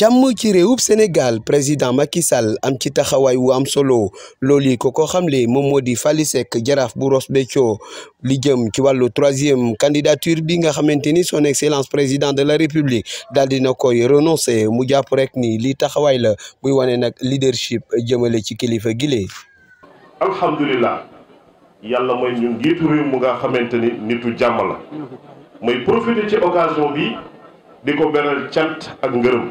jàmm ci réewub Sénégal président Macky Sall am ci taxawaay wu am solo loolu yi ko ko xamle moom moo di Fally Seck jaraaf bu Ross Béthio li jëm ci wàllu troisième candidature bi nga xamante ni son excellence président de la république daal dina koy renoncer mu jàpp rek ni li taxawaay la buy wane nag leadership jëmale ci kilifa gile. alhamdulilah yàlla mooy ñun njiitu réew mu nga xamante ni nitu jàmm la mooy profiter ci occasion bi di ko beral cant ak ngërëm.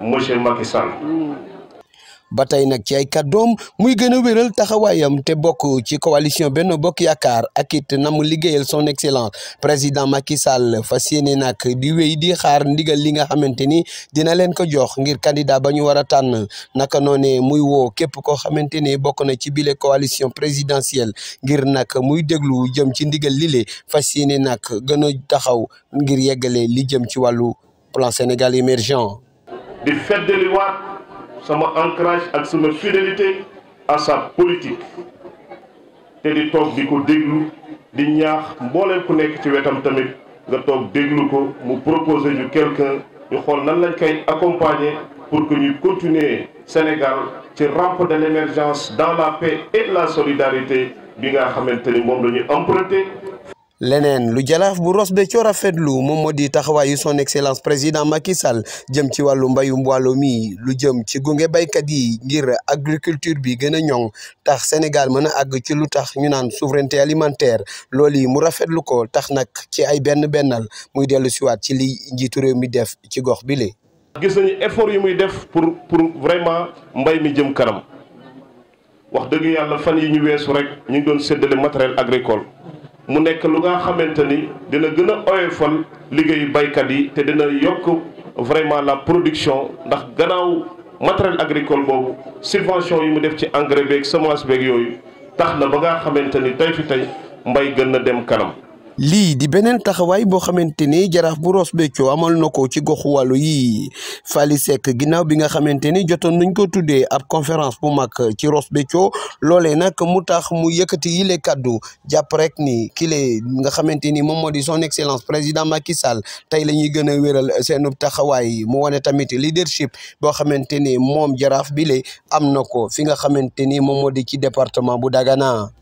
monsieur Macky Sall. tey nag ci ay kàddoom muy gën a wéral taxawaayam te bokk ci coalition Benno Bokk Yaakaar ak it na mu liggéeyal son excellence président Macky Sall fas yéene nag di wéy di xaar ndigal li nga xamante ni dina leen ko jox ngir candidat ba ñu war a tànn naka noonee muy woo képp koo xamante ni bokk na ci bile coalition présidentielle ngir nag muy déglu jëm ci ndigal lile fas yéene nag gën a taxaw ngir yeggale li jëm ci wàllu plan Sénégal émergent de feddaliwaat sama ancrage ak sama fidélité à sa politique Et di top de di ñaax proposer quelqu'un ñu accompagner pour que nous continuer Sénégal ci rampe de l'émergence dans la paix et la solidarité bi nga leneen lu jalaaf bu Ross Béthio rafetlu moom moo di taxawaayu son excellence président Macky Sall jëm ci wàllu mbayu Waalo mi lu jëm ci gunge baykat yi ngir agriculture bi gën a ñoŋ tax Sénégal mën a àgg ci lu tax ñu naan souveraineté alimentaire loolu yi mu lu ko tax nag ci ay benn bennal muy dellu siwaat ci li njiitu réew mi def ci gox bi li gis nañu effort yi muy def pour pour vraiment mbay mi jëm kanam wax dëgg yàlla fan yi ñu weesu rek ñu ngi doon séddale matériel agricole mu nekk lu nga xamante ni dina gën a oyofal liggéeyu baykat yi te dina yokk vraiment la production ndax gannaaw matériel agricole boobu subvention yi mu def ci engrais beeg semence beeg yooyu tax na ba nga xamante ni tey fi tey mbay gën a dem kanam. lii di beneen taxawaay boo xamante ni jaraaf bu Ross Béthio amal na ko ci goxu wàllu yi Faly Seck ginnaaw bi nga xamante ni jotoon nañ ko tuddee ab conférence bu mag ci Ross Béthio loole nag mu tax mu yëkkati yile kaddu jàpp rek ni kile nga xamante ni moom moo di son excellence président Macky Sall tey la ñuy gën a wéral seen taxawaay mu wane tamit leadership boo xamante ni moom jaraaf bi am na ko fi nga xamante ni moom di ci département bu Dagana